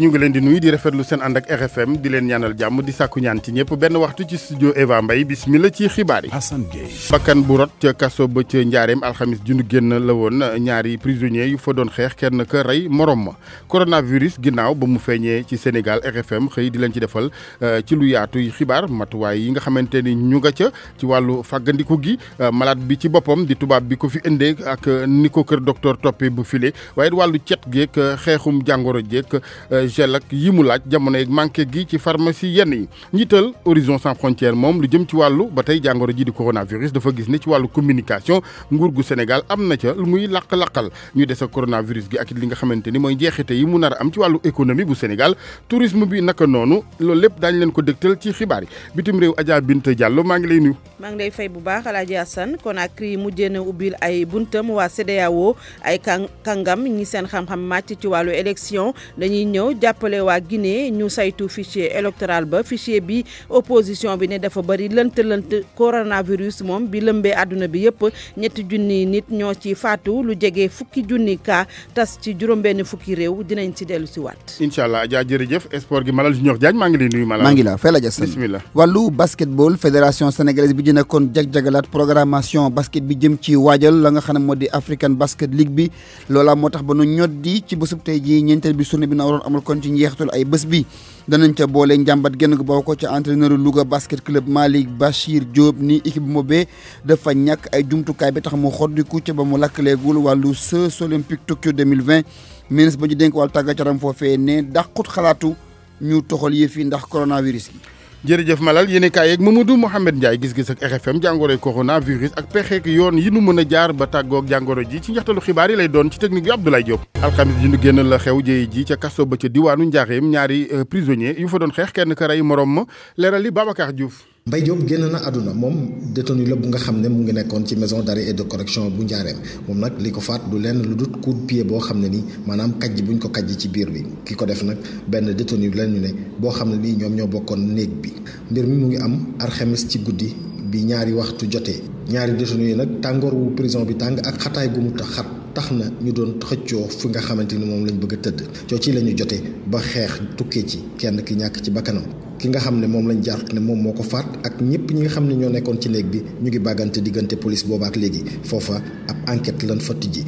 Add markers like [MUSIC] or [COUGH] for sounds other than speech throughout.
ñu ngi leen di nuy di rafetlu seen ànd ak RFM di leen ñaanal jàmm di sàkku ñaan ci ñëpp benn waxtu ci studio Eva Mbaye bismilla ci xibaar yi. Assane Gueye bakkan bu rot ca kaso ba ca njaareem alxamis jundu génn la woon ñaari prisonniers yu fa doon xeex kenn ka rey moroom ma coronavirus ginnaaw ba mu feeñee ci Sénégal RFM xëy di leen ci defal euh, ci lu yaatuy xibaar matuwaay yi nga xamante ni ñu nga ca ci wàllu faggandiku gi euh, malaat bi ci boppam di tubaab bi ko fi indee ak euh, ni ko kër docteur toppee bu file waaye wàllu cet geek xeexum jàngoro jeek gel ak yi mu laaj jamono yeeg manqué gi ci pharmacie yenn yi njiital Horizon Sans Frontières moom lu jëm ci wàllu ba tey jàngoro a di coronavirus dafa gis ne ci wàllu communication nguur gu Sénégal am na ca lu muy laq-laqal ñu dese coronavirus gi ak li nga xamante ni mooy njeexite yi mu nar a am ci wàllu économie bu Sénégal tourisme bi naka noonu loolu lépp daañu leen ko dégtal ci xibaar yi bitim réew Adja Binta Diallo maa ngi lay nuyu. maa jàppale waa Guinée ñu saytu fichier électoral ba fichier bi opposition bi ne dafa bëri lënt lënt coronavirus moom bi lëmbee àdduna bi yëpp ñetti junni nit ñoo ci faatu lu jege fukki junni ka tas ci juróom-benn fukki réew dinañ ci dellu si waat. incha allah Adja jërëjëf sport gi Malal Junior Diagne maa ngi lay nuyu Malal. maa ngi la fay la jës. bisimilah wàllu basketball fédération sénégalaise bi jag-jagalaat programmation basket bi jëm ci waajal la nga xam ne moo di African Basket League bi loola moo tax ba nu kon ci njeexital ay bés bi danañ ca boole njàmbat genn gu bokk ko ca entraîneur Louga basket club Malick Bachir Diop ni équipe moobee dafa ñàkk ay jumtukaay bi tax mu xoddiku ca ba mu lakkaleegul wàllu Jeux olympiques Tokyo 2020 ministre ba ñu denk wàllu tàggat yaram foofee ne dàqut xalaatu ñu toxal yëf yi ndax coronavirus gi jërëjëf Malal yéen kaay yeeg Mamadou Mouhamed Ndiaye gis-gis ak RFM jàngoroy coronavirus ak pexeek yoon yi nu mën a jaar ba tàggoog jàngoro ji ci njaxtalu xibaar yi lay doon ci technique bi Abdoulaye Diop. alxamis ji ñu génn la xew jëye ji ca kaso ba ca diwaanu Njaareem ñaari euh, prisonnier yu fa doon xeex kenn ka rey morom ma leeral li Babacar Diouf Mbaye Diop génn na àdduna moom détenu la bu nga xam ne mu ngi nekkoon ci maison d'arrêt et de correction bu Njaareem moom nag li ko faat du lenn lu dut coup de boo xam ne nii maanaam kajj buñ ko kajj ci biir bi ki ko def nag benn détenu la ñu ne boo xam ne nii ñoom ñoo bokkoon néeg bi mbir mi mu ngi am alxames ci guddi bi ñaari waxtu jotee ñaari détenu yi nag tàngoor wu prison bi tàng ak xataay gu mu tax xat tax na ñu doon xëccoo fi nga xamante ni moom lañ bëgg a tëdd coo ci la ñu jotee ba xeex tukkee ci kenn ki ñàkk ci bakkanam ki nga xam ne moom lañ jàpp ne moom moo ko fàtt ak ñëpp ñi nga xam ne ñoo nekkoon ci néeg bi ñu ngi bàggante diggante police boobaak léegi foofa ab enquête lan fa tijji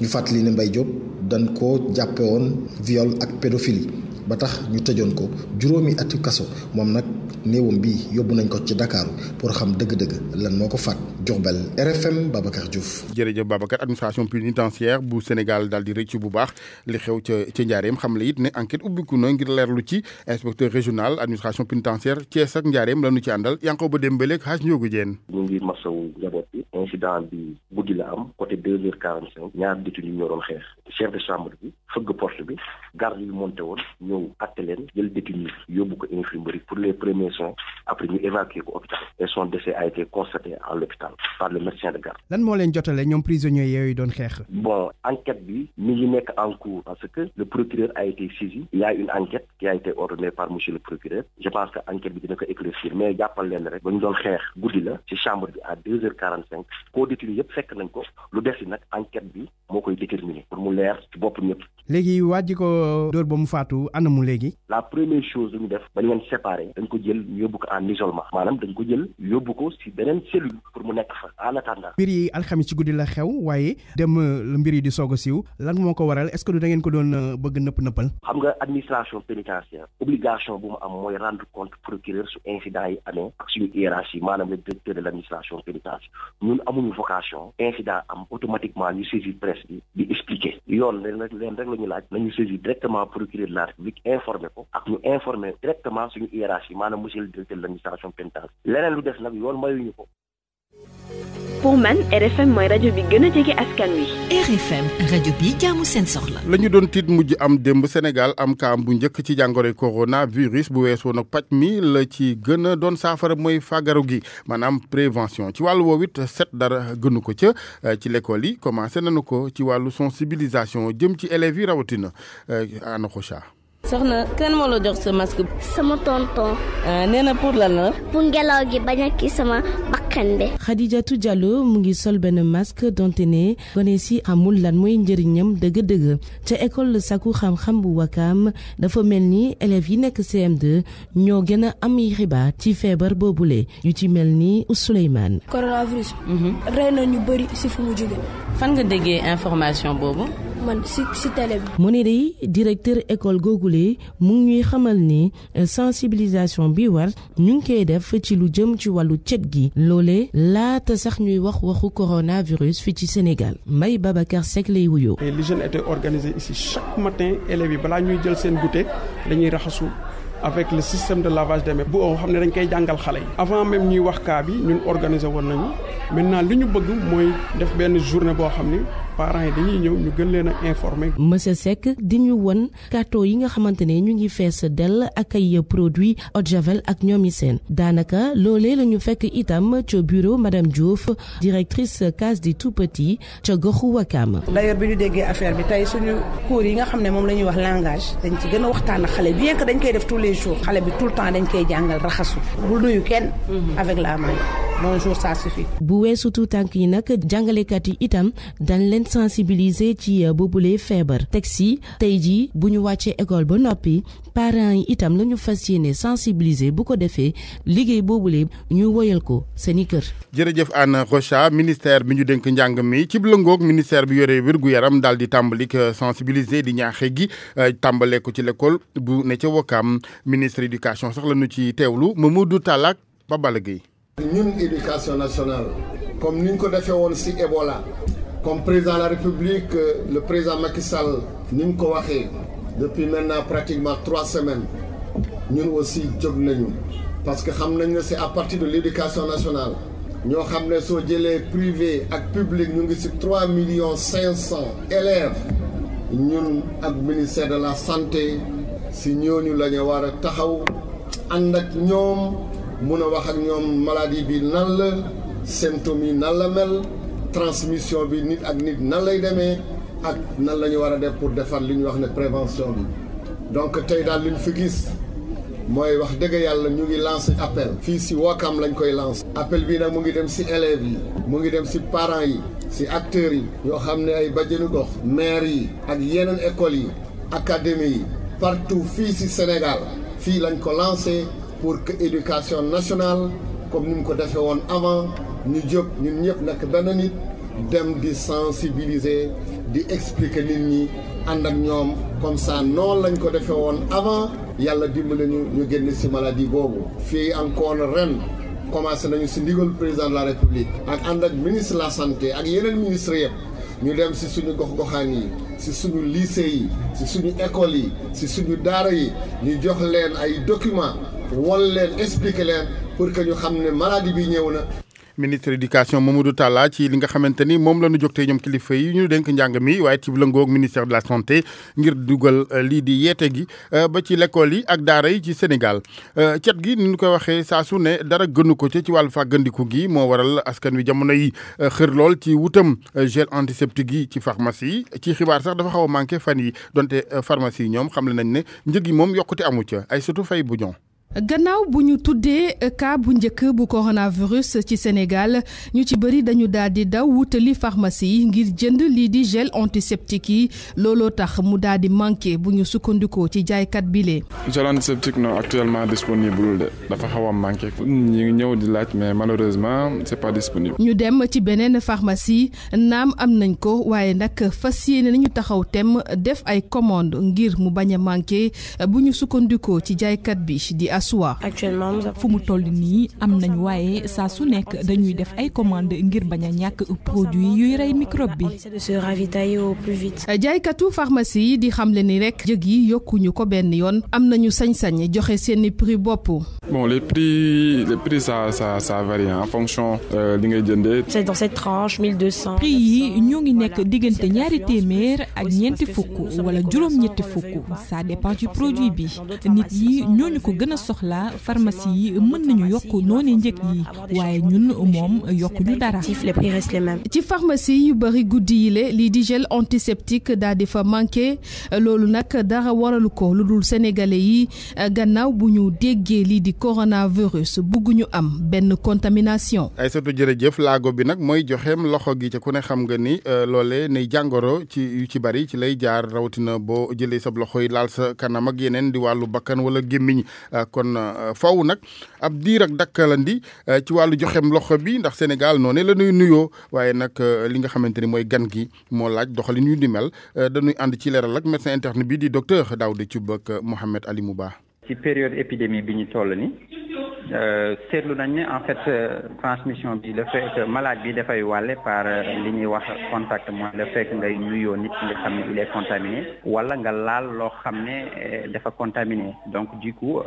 ñu fàttali ne mbay Diop dañ koo jàppewoon woon viol ak pédophilie ba tax ñu tëjoon ko juróomi ati kaso moom nag néewam bi yóbbu nañ ko ci Dakar pour xam dëgg-dëgg lan moo ko faat Diourbel RFM Babacar Diouf. jërëjëf Babacar administration pénitentiaire bu Sénégal daal di rëcc bu baax li xew ca ca Njaareem xam la it ne enquête ubbiku na ngir leerlu ci inspecteur régional administration pénitentiaire Thiès ak Njaareem la ñu ci àndal Yankhoba Dembélé ak Hadj Ndiogou Diène. ñu ngi masawu njaboot incident bi guddi la am côté 2h45, cinq ñaar détenu le chef de chambre bi fëgg porte bi garde nous monté woon ñëw atte leen jël détenu yóbbu ko infirmerie pour les premiers soins après ñu évacuer ko hôpital et son décès a été constaté à l'hôpital par le médecin de garde. lan moo leen jotale ñoom prisonniers yooyu doon xeex. bon enquête bi mi ngi nekk en cours parce que le procureur a été saisi il y a une enquête qui a été ordonnée par monsieur le procureur je pense que enquête bi dina ko éclaircir mais jàppal leen rek ba ñu doon xeex guddi la ci chambre bi à 2h45. koo détenu yëpp fekk nañ ko lu def yi nag enquête bi moo koy déterminer pour mu leer ci bopp ñëpp léegi waa ko dóor ba mu faatu anamu léegi. la première chose dañu def ba ñu leen séparé dañ ko jël yóbbu ko en isolement maanaam dañ ko jël yóbbu ko si beneen cellule pour mu nekk fa en attendant. mbir yi alxamis ci guddi la xew waaye dem euh, mbir yi di soog a siiw lan moo ko waral est-ce que du da ngeen ko doon euh, bëgg nëpp nëppal. xam nga administration pénitentiaire obligation bu mu am mooy rendre compte procureur su incident yi amee ak suñu hiérarchie maanaam le directeur de l' administration pénitentiaire ñun amuñu vocation incident am automatiquement ñu saisir presse bi di expliquer yoon leen rek la ñu laaj nañu saisir directement procureur de la république informé ko ak ñu informé directement suñu hiérarchie maanaam monsieur le directeur de l'administration pénitentiaire leneen lu des nag yoon ñu ko pour man RFM mooy rajo bi gën a jege askan wi. RFM rajo bi jaamu seen soxla. la doon tiit mujj am démb senegal am kaam bu njëkk ci jàngoro corona virus bu weesoo nag paj mi la ci gën a doon saafara mooy fagaru gi maanaam prévention ci wàllu woowu it set dara gënu ko ca ci l'école yi commencé nañu ko ci wàllu sensibilisation jëm ci élèves yi rawatina euh, Anokocha. soxna kan moo la jox sa masque. sama tonton. ah nee na pour lan la. pour ngelaw gi bañ a kii sama bakkan bi. Khadijatou mu ngi sol benn masque donte ne gone si amul lan mooy njëriñam dëgg-dëgg ca école sakku xam-xam bu Wakaam dafa mel ni élèves yi nekk CM2 ñoo gën a am xibaar ci feebar boobule yu ci mel ni Souleymane. coronavirus. Mhm. rey na ñu bëri si fu mu jóge. fan nga déggee information boobu. man si si bi. directeur école googule mu ngi xamal ni euh, sensibilisation bi war ñu ngi koy def ci lu jëm ci wàllu cet gi loolee laata sax ñuy wax waxu coronavirus fi ci Sénégal may Babacar Seck lay wuyoo. les jeunes étaient organisés ici chaque matin élèves yi balaa ñuy jël seen goûter dañuy avec le système de lavage des mains bu oo xam ne dañ koy jàngal xale yi. avant même ñuy wax kaa bi ñun organiser woon nañu maintenant li ñu bëgg mooy def benn journée boo xam ni parents yi dañuy ñëw ñu gën leen a informer. monsieur Seck di ñu won carton yi nga xamante ne ñu ngi fees dell ak ay produits eau javel ak ñoom yi seen daanaka loolee la ñu fekk itam ca bureau madame Diouf directrice case des tout-petits ca goxu Wakaam. d'ailleurs bi ñu déggee affaire bi tey suñu cours yi nga xam ne moom la ñuy wax langage dañ ci gën a waxtaan ak xale bien que dañ koy def tous les jours xale bi tout le temps dañ koy jàngal raxasu bul nuyu kenn mhm. avec la main bonjour ça suffit bu weesu tout tànk yi nag jàngalekat yi itam dañ leen sensibiliser ci euh, boobule feebar teg si tey jii bu ñu wàccee école ba noppi parents itam lañu ñu sensibiliser bu ko defee liggéey lé ñu woyal ko seen i kër. jërëjëf ana Rocha ministère bi ñu dénk njàng mi ci lëngoog ministère bi yoré wér yaram dal di tàmbali sensibiliser di ñaaxé gi euh, tambalé ko ci l'école bu né ci Wakaam ministre éducation sax lañu ci téwlu Mamadou talak ak Babal Gueye. ñun éducation nationale comme ni ñu ko defee woon si Ebola comme président de la République euh, le président Macky Sall ni ko waxee depuis maintenant pratiquement trois semaines nous aussi sommes nañu parce que nous savons que c'est à partir de l'éducation nationale ñoo xam sur les élèves privé et public nous ngi ci trois millions cinq Nous, élèves le ministère de la santé si nous, la ñu war a taxaw ànd ak ñoom mun maladie bi symptômes yi la transmission bi nit ak nit ak nan la ñu war a def pour defar li ñu wax ne prévention bi donc tey daal li ñu fi gis mooy wax dëgg yàlla ñu ngi lancé appel fii si Wakam lañ koy lancé appel bi nag mu ngi dem si élèves yi mu ngi dem si parents yi si acteurs yi ñoo xam ne ay bajenu gox maire yi ak yeneen écoles yi académie yi partout fii si Sénégal fii lañ ko lancé pour que éducation nationale comme ni mu ko defee woon avant ñu jóg ñun ñëpp nekk benn nit dem di sensibiliser di expliquer nit ñi ànd ak ñoom comme ça noonu lañ ko defee woon avant yàlla dimbali ñu ñu génn ci maladie boobu. fii am encore ren commencé nañu ci ndigal président la république. ak ànd ak ministre la santé ak yeneen ministre yëpp ñu dem ci suñu gox-goxaan yi ci suñu lycée yi ci suñu école yi ci suñu daara yi ñu jox leen ay documents wol leen explique leen pour que ñu xam ne maladie bi ñëw na. ministre éducation Mamadou Talla ci li nga xamante ni moom la ñu jóg tey ñoom kilifa yi ñu dénk njàng mi waaye ci lëngoog ministère de la santé ngir dugal euh, lii di yeete gi euh, ba ci lekkool yi ak daara yi ci Sénégal euh, cet gi ni ñu koy waxee saa su ne dara gënu ko ci ci wàllu fàggandiku gi moo waral askan wi jamono yi xër lool ci wutam gel antiseptique yi ci pharmacie yi ci xibaar sax dafa xaw a fan yi donte pharmacie yi ñoom xam le nañ ne njëg yi moom yokkute amu ca ay surtout bu ñoom gannaaw bu ñu tuddee euh, bu njëkk bu coronavirus ci Sénégal ñu ci bëri dañu daal di daw wutali pharmacie yi ngir jënd lii di gel antiseptique yi looloo tax mu daal di manqué bu ñu sukkandikoo ci jaaykat bi lee gel antiseptique non actuellement disponible de dafa xaw a manqué ñi ngi di laaj mais malheureusement c'est pas disponible. ñu dem ci beneen pharmacie naam am nañ ko waaye nag fas yéene nañu taxaw tem def ay commande ngir mu bañ a manqué euh, bu ñu sukkandikoo ci bi di. asua fu mu toll nii am nañ waaye saa su nekk dañuy def ay commande ngir bañ a ñàkk produit yuy rey microbe bi jaaykatu pharmacie yi di xamle ni rek jëg yi yokkuñu ko benn yoon am nañu sañ-sañ joxe seeni prix bopp Bon, les prix, les prix ça, ça, ça varie hein, en fonction euh, li ngay jëndee. c'est dans cette tranche 1200. prix yi ñoo ngi nekk diggante ñaari témèr ak ñeenti fukk wala juroom ñetti fukk ça dépend du produit bi nit yi ñooñu ko gëna soxla pharmacie yi mën nañu yokk noonu njëg yi waye ñun mom yokku ñu dara. ci pharmacie yu bari goudi yi li di gel antiseptique daal di fa manqué lolu nak dara waralu ko lu dul sénégalais yi gannaaw bu ñu déggé li di. coronavirus bugguñu am benn contamination. ay satu jërëjëf laago bi nag mooy joxeem loxo gi ca ku ne xam nga ni euh, loolee ne jàngoro ci yu ci bari ci lay jaar rawatina boo jëlee sab loxo yi laal sa kanam ak yeneen di wàllu bakkan wala gémmiñ euh, kon euh, faw nag ab diir ak dakkalandi ci wàllu joxeem loxo bi ndax Sénégal noonu la ñuy nuyoo waaye nag li nga xamante ni mooy gan gi moo laaj doxalin yu di mel danuy ànd ci leeral ak médecin interne bi di docteur Daouda Thioub ak Mouhamed Ali Mouba ci période épidémie bi ñu toll Euh, seetlu nañ ne en fait euh, transmission bi le fait que malade bi dafay wàlle par euh, li ñuy wax contact mooy le fait que ngay nuyoo nit nga xam ne il est contaminé wala nga laal loo xam ne dafa contaminé donc du coup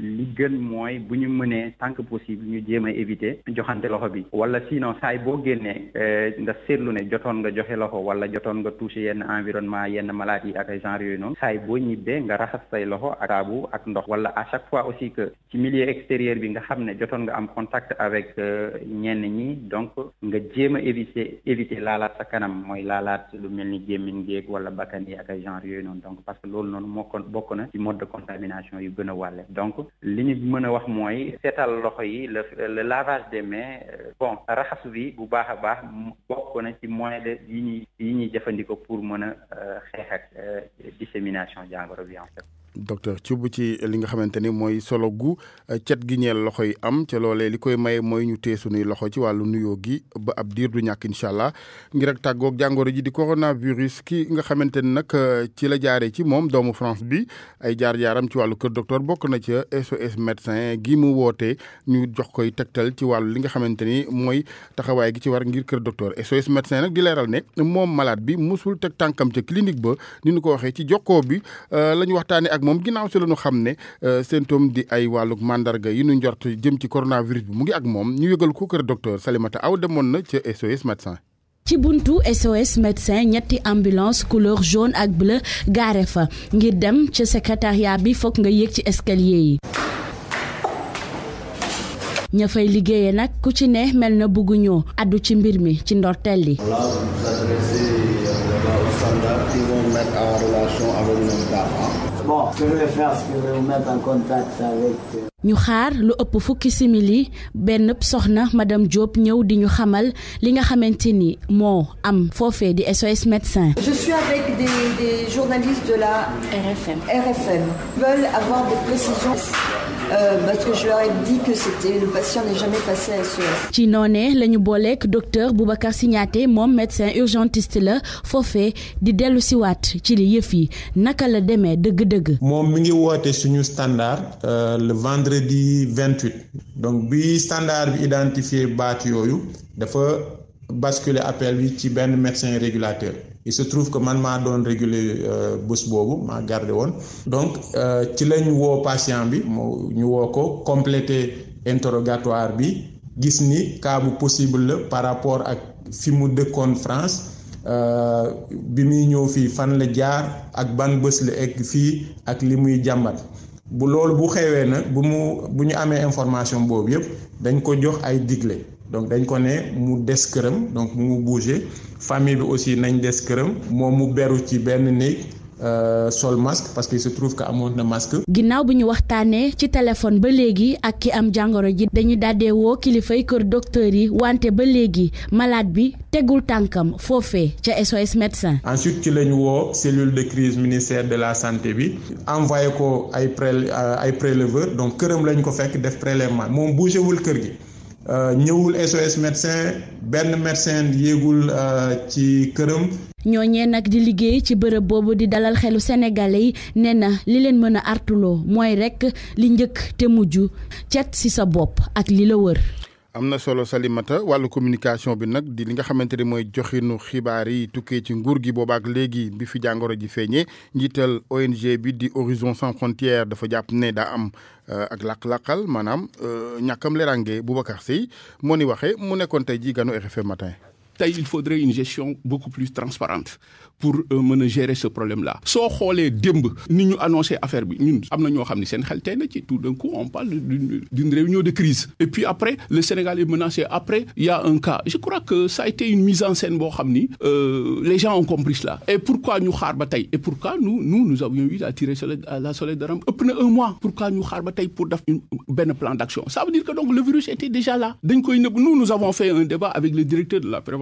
li gën mooy bu ñu mënee tant que possible ñu jéem a éviter joxante loxo bi wala sinon saay boo génnee nga seetlu ne jotoon nga joxe loxo wala jotoon nga touché yenn environnement yenn malade yi ak ay genre yooyu noonu saay boo ñibbee nga raxas say loxo ak saabu ak ndox wala à chaque fois aussi que ci milieu extérieur bi nga xam ne jotoon nga am contact avec euh, ñenn ñi donc nga jéem a éviter éviter laalaat sa kanam mooy laalaat lu mel ni gémmiñ géeg wala bakkan yi ak ay genre yooyu noonu donc parce que loolu noonu moo bokk na ci mode de contamination yu gën a wàlle donc li ñu mën a wax mooy seetal loxo yi le lavage des mains euh, bon raxasu bi bu baax a baax bokk na ci moyen de yi ñuy yi ñuy jëfandikoo pour mën a euh, xeex ak dissémination jàngoro bi en fait ci Thioub ci li nga xamante ni mooy solo gu eh, cet gi ñeel loxo yi am ca loolee li koy maye mooy ñu téye sunuy loxo ci wàllu nuyo gi ba ab diir du ñàkk incha allah ngir ak tàggoog jàngoro ji di coronavirus ki nga xamante ni nag eh, ci la jaaree ci moom doomu France bi ay jaar-jaaram ci wàllu kër docteur bokk na ca SOS médecin gi mu woote ñu jox koy tegtal ci wàllu li nga xamante ni mooy taxawaay gi ci war ngir kër docteur SOS médecin nag di leeral ne moom malade bi musul teg tànkam ca clinique ba ni ñu ko waxee ci jokkoo bi eh, lañu moom ginnaaw si la xam ne euh, symptôme di ay wàllug màndarga yi nu njort jëm ci coronavirus bi mu ngi ak moom ñu yëgal ko kër docteur Salimata Aw demoon na ca SOS médecin ci buntu SOS médecin ñetti ambulance couleur jaune ak bleu gaare fa ngir dem ca secrétariat bi foog nga yéeg ci escalier yi ña fay liggéeye nag ku ci ne mel na bugg ñoo addu ci mbir mi ci ndorteel li bon c'est que je en contact avec. Euh, ñu xaar lu ëpp fukki simili benn soxna madame Diop ñëw di ñu xamal li nga xamante ni moo am foofee di SOS médecin. Je suis avec des des journalistes de la RFM. RFM veulent avoir des précisions. Euh, parce que je leur ai dit que c'était le patient n'est jamais passé à SOS. E ci noonee la ñu docteur Boubacar Signaté mon médecin urgentiste la fofé, di dellu si waat ci li yëf yi naka la demee dëgg-dëgg. moom mi ngi suñu standard euh, le vendredi 28. donc bi standard bi identifié baat yooyu dafa basculer appel bi ci ben médecin régulateur il se trouve que man maa doon réguler euh, bés boobu maa gardé woon donc euh, ci lañ woo patient bi moo ñu woo ko complété interrogatoire bi gis ni cas bu possible la par rapport ak fi mu dëkkoon France euh, bi muy ñëw fii fan la jaar ak ban bés la egg fii ak li muy jàmbat bu loolu bu xewee nag bu mu bu ñu amee information boobu yëpp dañ ko jox ay digle donc dañ ko ne mu des këram donc mu bouger famille bi aussi nañ des këram moom mu beru ci benn néeg euh, sol masque parce qu'il se trouve que amoon na masque. ginnaaw bu ñu waxtaanee ci téléphone ba légui ak ki am jangoro ji dañu daadee woo kilifay keur docteur yi wanté ba légui malade bi tégul tankam fofé ci SOS médecin. ensuite ci lañu wo cellule de crise ministère de la santé bi envoyé ko ay pré euh, ay préleveur donc këram lañ ko fekk def prélèvement mom bougé wul kër gi. Euh, ñëwul SOS médecin benn médecin yéegul euh, ci këram. ñooñee nag di liggéey ci bërëb boobu di dalal xelu sénégalais yi nee na li leen mën a artuloo mooy rekk li njëkk te mujj cet ci sa bopp ak li la wër. amna solo Salimata walu communication bi nak di li nga xamanteni moy joxinu xibaar yi tukkee ci nguur gi boobaak bi fi jangoro ji feeñee njital ONG bi di Horizon Sans Frontières dafa japp ne da am euh, ak làq manam maanaam euh, ñàkkam lerange Boubacar Sey moo ni mu nekkoon tay ji ganu RFM matin il faudrait une gestion beaucoup plus transparente pour euh, mener gérer ce problème là so xoolee démb ni ñu annoncé affaire bi ñun amna ño xamni sen xel tay na ci tout d'un coup on parle d'une réunion de crise et puis après le Sénégal est menacé après il y a un cas je crois que ça a été une mise en scène bo xamni euh, les gens ont compris cela et pourquoi ñu xaar ba tay et pourquoi nous nous nous avions eu à tirer à la soleil de ëpp un mois pourquoi ñu xaar ba tay pour def une plan d'action ça veut dire que donc le virus était déjà là koy nous nous avons fait un débat avec le directeur de la prévention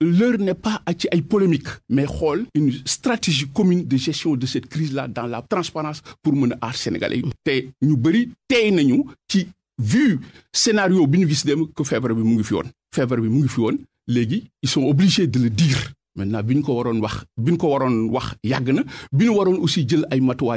l'heure n'est pas à une polémique, mais une stratégie commune de gestion de cette crise-là dans la transparence pour mener à Sénégalais. Té ñu bari té nañu ci vu scénario que février bi février fi won. ils sont obligés de le dire. Maintenant biñ ko waron wax, biñ ko waron wax yag aussi jël ay matuwa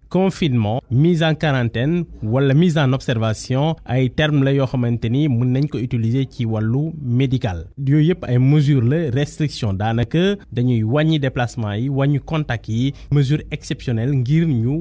confinement mise en quarantaine la mise en observation ay termes la yo xamanteni ni mën nañ ko utiliser ci walu médical yooyu yëpp ay mesures la restriction danaka dañuy wàññi déplacement yi wàññi contact yi mesure exceptionnelle ngir ñu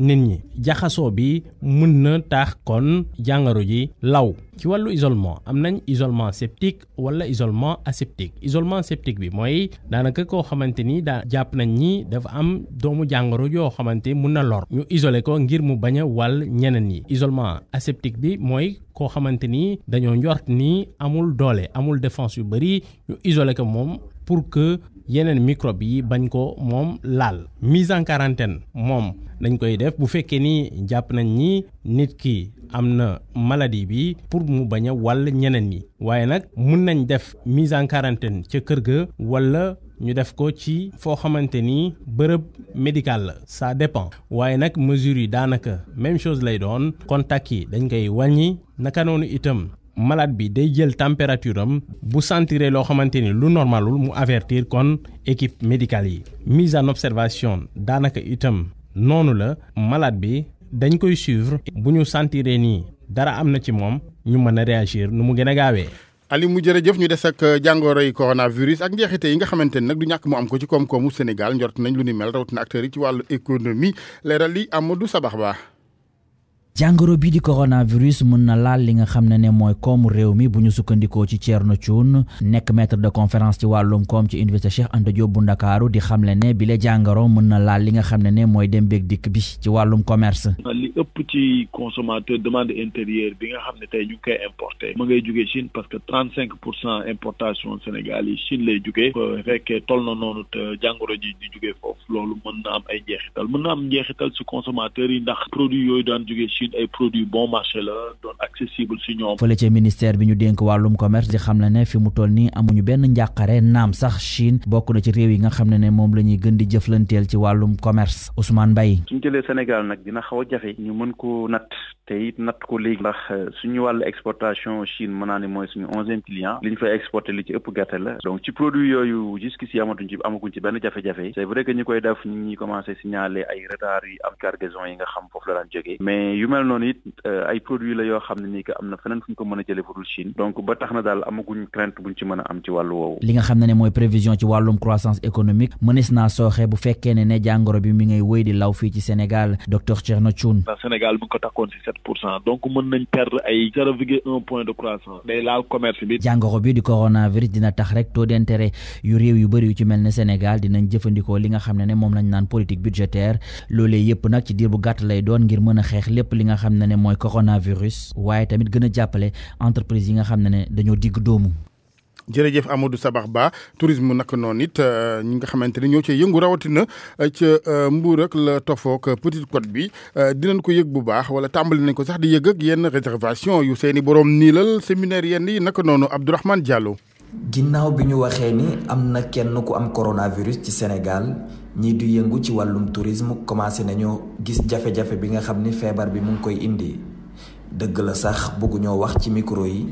nit ñi jaxasoo bi mën na taax kon jàngoro ji law ci wàllu isolement am nañ isolement septique wala isolement aseptique isolement septique bi mooy daanaka koo xamante ni daa jàpp nañ ñi dafa am doomu jàngoro joo xamante mun na lor ñu isole ko ngir mu bañ a wàll ñeneen yi isolement aseptique bi mooy koo xamante ni dañoo njort ni amul doole amul défense yu bëri ñu isolé ko moom pour que yeneen microbe yi bañ koo moom laal mise en quarantaine moom dañ koy def bu fekkee ni jàpp nañ ni nit ki am na maladie bi pour mu bañ a ñeneen ñi waaye nag mun nañ def mise en quarantaine ca kër ga walla ñu def ko ci foo xamante ni bërëb médical la sa dépend waaye nag mesures yi daanaka même chose lay doon contact yi dañ koy wàññi naka noonu itam malaat bi day jël température am bu sentiree loo xamante ni lu normalul mu avertir kon équipe médicale yi mise en observation daanaka itam noonu la malaat bi dañ koy suivre bu ñu sentiree nii dara am na ci moom ñu mën a réagir nu mu gën a gaawee. Ali mu jër jëf ñu des ak jàngoro yi coronavirus ak njeexite yi nga xamante ni nag du ñàkk mu am ko ci koom-koomu Sénégal njort nañ lu ni mel rawatina acteurs yi ci wàllu économie leeral li Amadou Sabax Ba jàngoro bii di coronavirus mën na laal li nga xam ne ne mooy koomu réew mi bu ñu sukkandikoo ci Thierno Thioune nekk maître de conférence ci wàllum koom ci université Cheikh Anta Diop bu Ndakaaru di xamle ne na laal li nga xam ne ne mooy dem beeg dikk bi ci wàllum commerce. li ëpp ci consommateur demande intérieure bi nga xam ne tey ñu ngi koy importé mu ngay jugee Chine parce que trente cinq pour cent importation Sénégal yi Chine lay jugee. bu fekkee toll na noonu te jàngoro ji di jugee foofu loolu mën na Chine ay produits bon marché la doon accessible si ñoom. fële ca ministère bi ñu dénk wàllum commerce di xam ne ne fi mu toll nii amuñu benn njàqare naam sax Chine bokk na ci réew yi nga xam ne ne moom la ñuy gën di jëflanteel ci wàllum commerce Ousmane Mbaye. suñu jëlee Sénégal nag dina xaw a jafe ñu mën ko natt te it natt ko léegi. ndax euh, suñu wàllu exportation Chine mën naa ne mooy suñu onzième client li ñu fay exporté li ci ëpp gerte la donc ci produit yooyu jusqu'ici amatuñ ci amaguñ ci benn jafe-jafe c'est vrai que ñu koy def ñu ngi commencé signaler ay retard yi am cargaison yi nga xam foofu la daan jógee mais mel noonu it euh, ay produits la yoo xam ne nii que am na feneen fu ñu ko mën a jëlee fu dul Chine donc ba tax na daal amaguñ crainte buñ ci mën a am ci wàllu woowu li nga xam ne ne moom lañ naan politique budgétaire loolee yëpp nag ci diir bu gàtt lay doon ngir mën a xeex lépp li nga xam ne ne mooy coronavirus waaye tamit gën a jàppale entreprise yi nga xam ne ne dañoo digg doomu. jërëjëf Amadou Sabax Ba tourisme nag noonu it euh, ñi nga xamante ni ñoo ci yëngu rawatina euh, ca euh, Mbour ak la tofook Petite Côte bi dinañ ko yëg bu baax wala tàmbali nañ ko sax di yëg ak yenn réservation yu seen i borom niilal séminaire yenn yi naka noonu Abdourahmane Diallo. ginnaaw bi ñu waxee ni am na kenn ku am coronavirus ci Sénégal. ñii du yëngu ci wàllum tourisme commencé nañoo gis jafe-jafe bi nga xam ni feebar bi mu ngi koy indi dëgg la sax bëgguñoo wax ci micro yi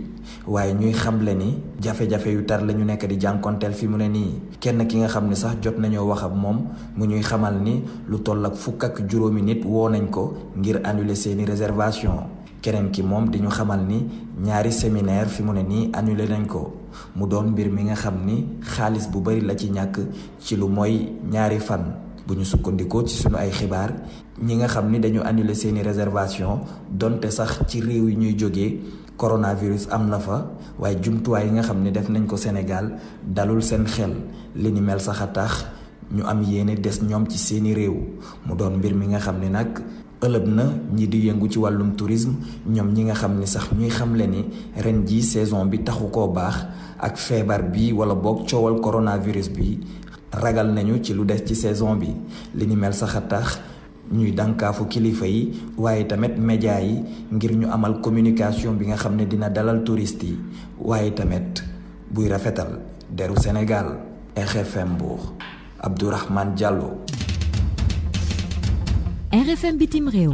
waaye ñuy xamle ni jafe-jafe yu tar la ñu nekk di jànkonteel fi mu ne nii kenn ki nga xam ni sax jot nañoo wax ak moom mu ñuy xamal ni lu toll ak fukk ak juróomi nit woo nañ ko ngir annuler seeni réservation keneen ki moom di ñu xamal ni ñaari séminaire fi mu ne nii annuler nañ ko mu doon mbir mi nga xam ni xaalis bu bari la ci ñàkk ci lu mooy ñaari fan bu ñu sukkandikoo ci suñu ay xibaar ñi nga xam ni dañu annulé seeni réservation donte sax ci réew yi ñuy jógee coronavirus am na fa waaye jumtuwaay yi nga xam ne def nañ ko Sénégal dalul seen xel li ni mel sax a tax ñu am yéene des ñoom ci seeni réew mu doon mbir mi nga xam ne nag ëlëb na ñi di yëngu ci wàllum tourisme ñoom ñi nga xam ni sax ñuy le ni ren ji saison bi taxu koo baax ak feebar bi wala boog coowal coronavirus bi ragal nañu ci lu des ci saison bi li ni mel sax a tax ñuy dànkaafu kilifa yi waaye tamit média yi ngir ñu amal communication bi nga xam ne dina dalal touriste yi waaye tamit buy rafetal deru sénégal rfm bour abdourahmane diallo RFM bitim réew.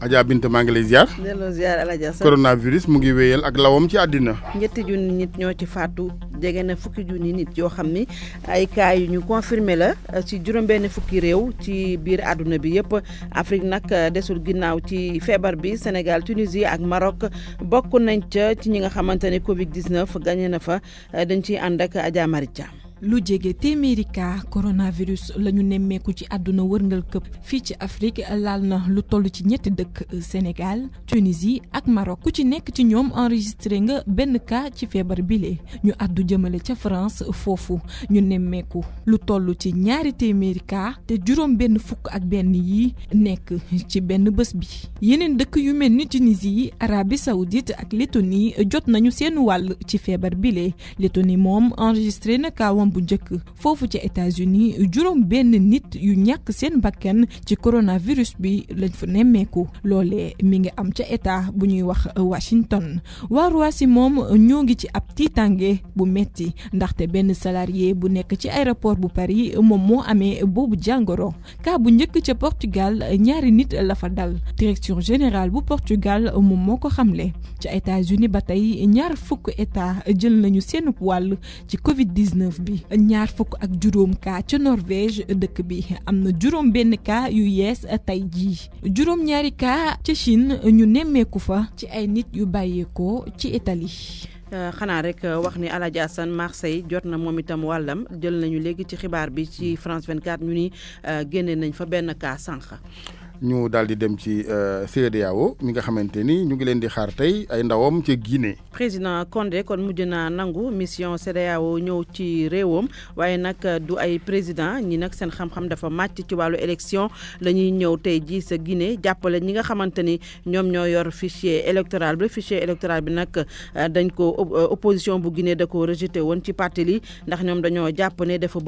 Adja bint maa ngi lay ziar. delloo ziar Alaja coronavirus mu ngi wéyal ak lawam ci àddina. ñetti junni nit ñoo ci faatu jege na fukki junni nit yoo xam ni ay cas yu ñu confirmé la ci juróom-benn fukki réew ci biir àdduna bi yëpp Afrique nag desul ginnaaw ci feebar bi Sénégal Tunisie ak Maroc bokk nañ ca ci ñi nga xamante ne Covid 19 gañe na fa dañ ciy ànd ak Adja Mariam. lu jege coronavirus la ñu nemmeeku ci àdduna wërngal këpp fii ci Afrique laal na lu toll ci ñetti dëkk Sénégal Tunisie ak Maroc ku ci nekk ci ñoom enregistré nga benn cas ci feebar bile ñu àddu jëmale ca France foofu ñu nemmeeku lu toll ci ñaari téeméeri cas te juróom benn fukk ak benn yi nekk ci benn bés bi yeneen dëkk yu mel Tunisie Arabie Saoudite ak Lettonie jot nañu seen wàll ci feebar bile Lettonie moom enregistré na kaawam xaajam bu njëkk foofu ci États-Unis juróom benn nit yu ñàkk seen bakken ci coronavirus bi lañ fa nemmeeku loolee mi ngi am ca état bu wax Washington waa Simon moom ñoo ngi ci ab tiitange bu metti ndaxte benn salarié bu nekk ci aéroport bu Paris moom moo amee boobu jàngoro ka bu Portugal ñaari nit la fa dal direction générale bu Portugal moom moo ko xamle ca États-Unis ba tey ñaar fukk état jël nañu seen wàll ci Covid 19 bi. yi ñaar fukk ak juróom kaa ca Norvège dëkk bi am na juróom benn cas yu yees tey jii juróom ñaari cas ca Chine ñu nemmeeku fa ci ay nit yu bàyyeekoo ci Italie. Euh, xanaa rek euh, wax ni El Hadj Assane Marseille jot na moom itam wàllam jël nañu léegi ci xibaar bi ci France 24 ñu ni euh, génne nañ fa benn cas sànq. ñu daal di dem ci euh, CEDEAO mi nga xamante ñu ngi leen di xaar tey ay président Condé kon nangu mission CEDEAO ñëw ci réewam waaye nag euh, du ay président ñi nag seen xam-xam dafa màcc ci élection la ñuy ñëw tey sa Guinée fichier électoral fichier électoral euh, opposition bu Guinée da ko rejeté woon ci parti li ndax ñoom dañoo ne dafa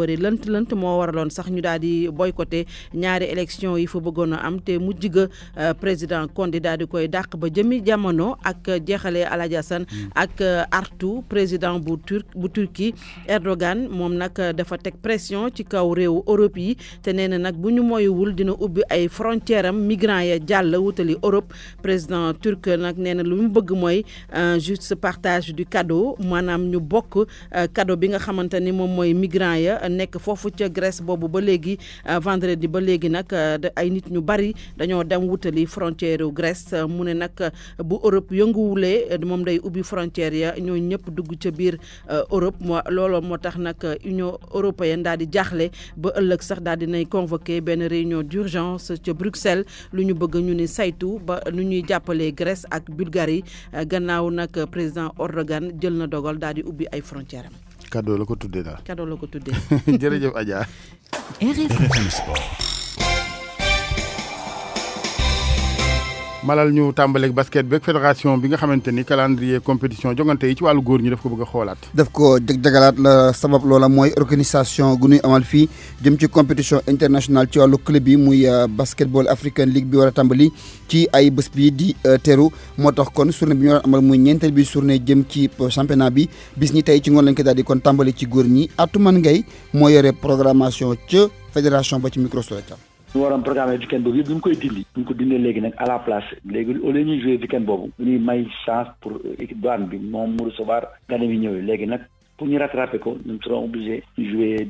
am te mujj ga euh, président candidat daal di koy dàq ba jëmi jamono ak euh, jeexale Alaaji mm. ak euh, artu président bu tur bu Turquie Erdogan mom nak dafa tek pression ci kaw réewu Europe yi té nee nak buñu bu ñu moyuwul dina ubbi ay frontière am migrants ya jàll wutali Europe président turc nak nee lu mu bëgg mooy juste partage du cadeau manam ñu bokk cadeau bi nga xamante mom moy migrants ya nek fofu ci Grèce bobu ba légui vendredi ba légui nak ay nit ñu bari dañoo dem wutali frontière yu Grèce mu ne nag bu Europe yënguwulee moom day ubbi frontière ya ñoo ñëpp dugg ca biir euh, Europe moo looloo moo tax nag Union européenne daal di jaaxle ba ëllëg sax daal di nay convoqué benn réunion d'urgence ca Bruxelles lu ñu bëgg ñu ni saytu ba lu ñuy jàppale Grèce ak bulgari gannaaw nag président Erdogan jël na dogal daal di ubbi ay frontière am. ko tuddee daal. [LAUGHS] malal ñu tàmbaleeg basket beeg fédération bi nga xamante ni calendrier compétition jongante yi ci wàllu góor ñi daf ko bëgg a xoolaat. daf ko jag-jagalaat la sabab loola mooy organisation gu ñuy amal fii jëm ci compétition internationale ci wàllu club yi muy euh, basketball african league bi war a tàmbali ci ay bés bi di euh, teru moo tax kon journée bi ñu war amal muy ñeenteel bi journée jëm ci euh, championnat bi bis ñi tey ci ngoon lañ ko daal di kon tàmbali ci góor ñi Atoumane Ngay moo yore programmation ca fédération ba ci micro ñu un programme weekend boobu yëpp ñu ngi koy dindi ñu ko dindee à la place léegi au lieu ñuy jouer weekend boobu ñuy may chance pour euh, équipe douane bi moom mu recevoir gane bi ñëw léegi pour ñu rattraper ko nous serons obligés de jouer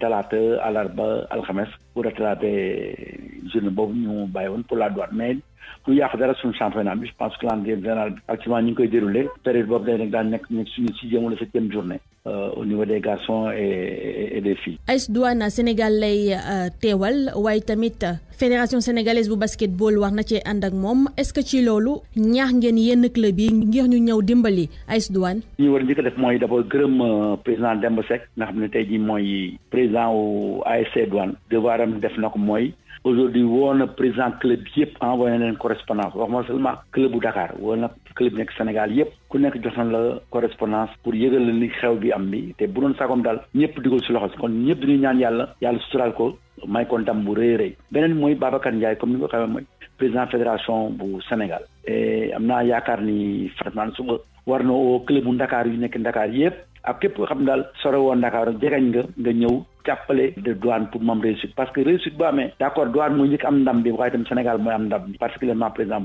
à l'Arba, alarba alxames pour rattraper euh, journée boobu ñu bàyyi woon pour la douane mais du yàq dara suñu championnat bi je pense que calendrier général actuellement ñu ngi koy déroulé période boobu day nag daan nekk nekk suñu sixième wala septième journée uh, au niveau des garçons et e, e des filles. AS Douane Sénégal lay uh, teewal waaye tamit uh, fédération sénégalaise bu basketball war na cee ànd ak moom est-ce que ci loolu ñaax ngeen yenn club yi ngir ñu ñëw dimbali AS Douane. ñu war a njëkk a def mooy d'abord gërëm président Demba Seck nga xam ne tey jii mooy président wu ASC Douane devoir am def na ko mooy. aujourd'hui woo na président club yëpp envoyé nañ correspondance wax ma seulement club bu Dakar woo na club nekk Sénégal yëpp ku nekk jox na la correspondance pour yëgal la ni xew bi am bi te bu doon sagoom daal ñëpp di ko si loxo kon ñëpp dañuy ñaan yàlla yàlla suturaal ko may ko ndam bu rëy rëy beneen mooy Babacar Ndiaye comme ni nga ko xamee mooy président fédération bu Sénégal am naa yaakaar ni Fatma suba war na oo club bu Dakar yu nekk Dakar yëpp ak képp xam daal sore woon Dakar jegañ nga nga ñëw jàppale de douane pour moom réussite parce que réussite bu amee d' accord douane mooy njëkk am ndam bi waaye itam Sénégal mooy am euh, euh,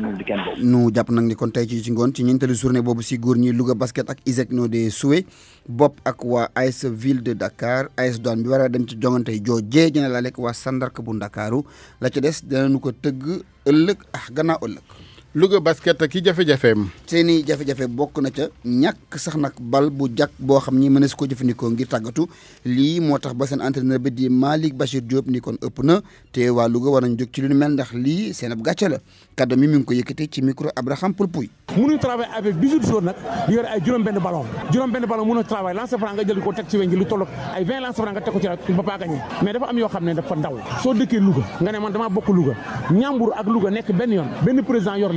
boobu jàpp nag ni kon tey ci ci ngoon ci ñeenteelu journée boobu si góor ñi Louga basket ak ISEC ñoo dee suwe bopp ak waa AS ville de Dakar AS douane bi war a dem ci jongante joojee dina laa lekk waa sandark bu Ndakaaru la ci des dinañu ko tëgg ëllëg ah gannaaw ëllëg. Louga basket ki jafe jafé am i jafe-jafe bok na ca ñak sax nak bal bu jak bo xamni ni ko jëfëndiko ngir tagatu li motax ba sen entraîneur bi di Malik Bachir Diop ni kon ëpp na té wa Louga war nañ jóg ci lu mel ndax li sen ab gatcha la kaddu mi mi ko yëkëté ci micro Abraham Poulpouy. mënuñu travailler avec 18 jours nak di yor ay juroom benn ballon juroom benn ballon mënoo travailler lancer franc nga jël ko tek ci weñ gi lu toll ay 20 lancer franc nga tek ko ci rat ba pa gagné mais dafa am yo xamné dafa ndaw so dëkkee Louga nga né man dama Louga ñambur ak Louga nek benn yoon benn président yor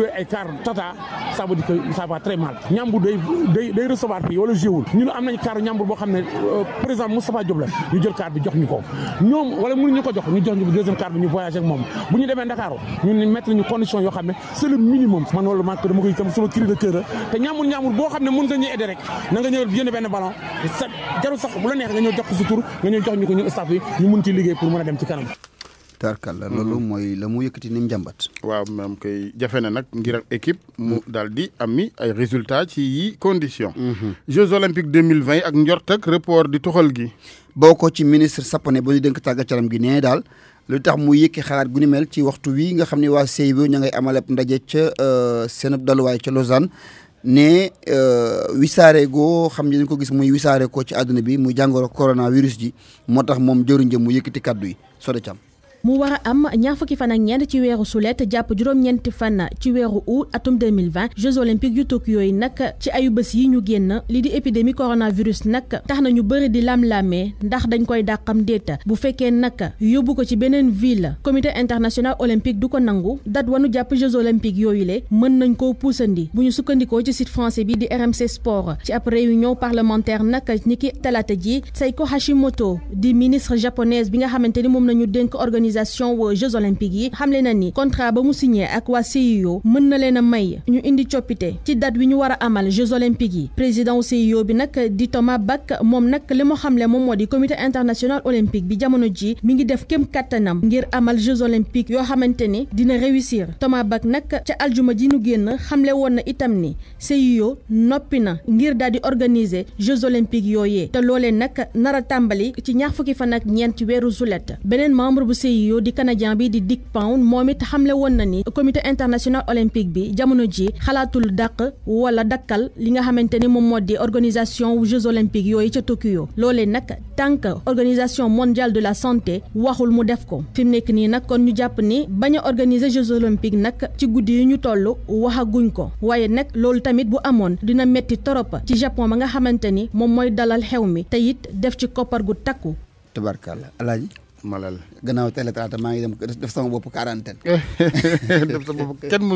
loué ay car Tata ça veut dire que ça va mal ñàmbur day day day recevoir fii wala jéewul ñun am nañ car ñàmbur ne euh, président Moustapha Diop la ñu jël car bi jox ñu ko ñoom wala mënuñu ko jox ñu jox ñu deuxième car ñu voyagé moom bu ñu demee Dakar ñun mettre ñu condition yoo xam c'est le minimum man loolu man dama koy itam sama cri de cœur te ñàmbur ñàmbur boo xam ne mën nga ñu aider rek na nga ñëw jënd benn ballon sa sax bu la neex nga ñëw jox ñu ko ñu staff ñu mën ci liggéey pour tarkal mhm. loolu mooy la mu yëkkati ni mu jàmbat. waaw maam koy jafe na nag ngir équipe mu mm. daal di ami ay résultats ci yi condition mhm. Jeux olympiques deux mille vingt ak njort ak report di toxal gi. boo ko ci ministre Sapone ba ñu dénk tàggat caram gi nee daal lu tax mu yëkki xalaat gu ni mel ci waxtu wi nga xam ne waa CIO ña ngay amalab ndaje ca euh, seen daluwaay ca Lausanne. ne euh, wisaare goo xam ne ko gis muy wisaare ko ci àdduna bi muy jàngoro coronavirus ji moo tax moom jëriñ jëm mu yëkkati kaddu yi soo mu war a am ñaar fukki fan ak ñeent ci weeru sulet jàpp juróom-ñeenti fan ci weeru août atum 2020 jeux olympiques yu Tokyo yi nag ci ayu yi ñu génn li di épidémie coronavirus nag tax na ñu bëri di lam-laamee ndax dañ koy dàqam déeta bu fekkee nag yóbbu ko ci beneen ville comité international olympique du ko nangu dat wanu jàpp jeux olympiques yooyu le mën nañ koo puusandi bu ñu sukkandikoo ci site français bi di RMC Sport ci ab réunion parlementaire nag ni ki talaata ji Seiko Hashimoto di ministre japonaise bi nga xamante ni moom nañu dénk organisation organisation aux Jeux olympiques yi xamle na ni contrat ba mu signé ak wa CIO mën na leena may ñu indi ciopité ci date wi ñu wara amal Jeux olympiques yi président wu CIO bi nak di Thomas Bak mom nak limu xamle mom modi comité international olympique bi jamono ji mi ngi def kem katanam ngir amal Jeux olympiques Yo xamanteni dina réussir Thomas Bach nak ci aljuma ji ñu genn xamle won na itam ni CIO nopi na ngir dal di organiser Jeux olympiques Ye. te lolé nak nara tambali tàmbali ci ñaar fukki fan ak wéru benen membre bu CIO du di canadien bi di Dick Pound momit xamle na ni comité international olympique bi jamono ji xalatul ou wala dakkal li nga xamanteni mom modi organisation jeux olympiques yoy ci Tokyo L'olé nak, tank organisation mondiale de la santé waxul mu def ko Fimnek nek ni nak kon ñu japp ni baña organiser jeux olympiques nak, ci guddi ñu tollu waxaguñ ko waaye nak lolou tamit bu amone dina metti torop ci Japon ba nga xamanteni mom moy dalal xewmi te def ci copar gu takku. malal gannaaw télé talaata maa ngi dem def sama bopp quarantaine [LAUGHS] def sama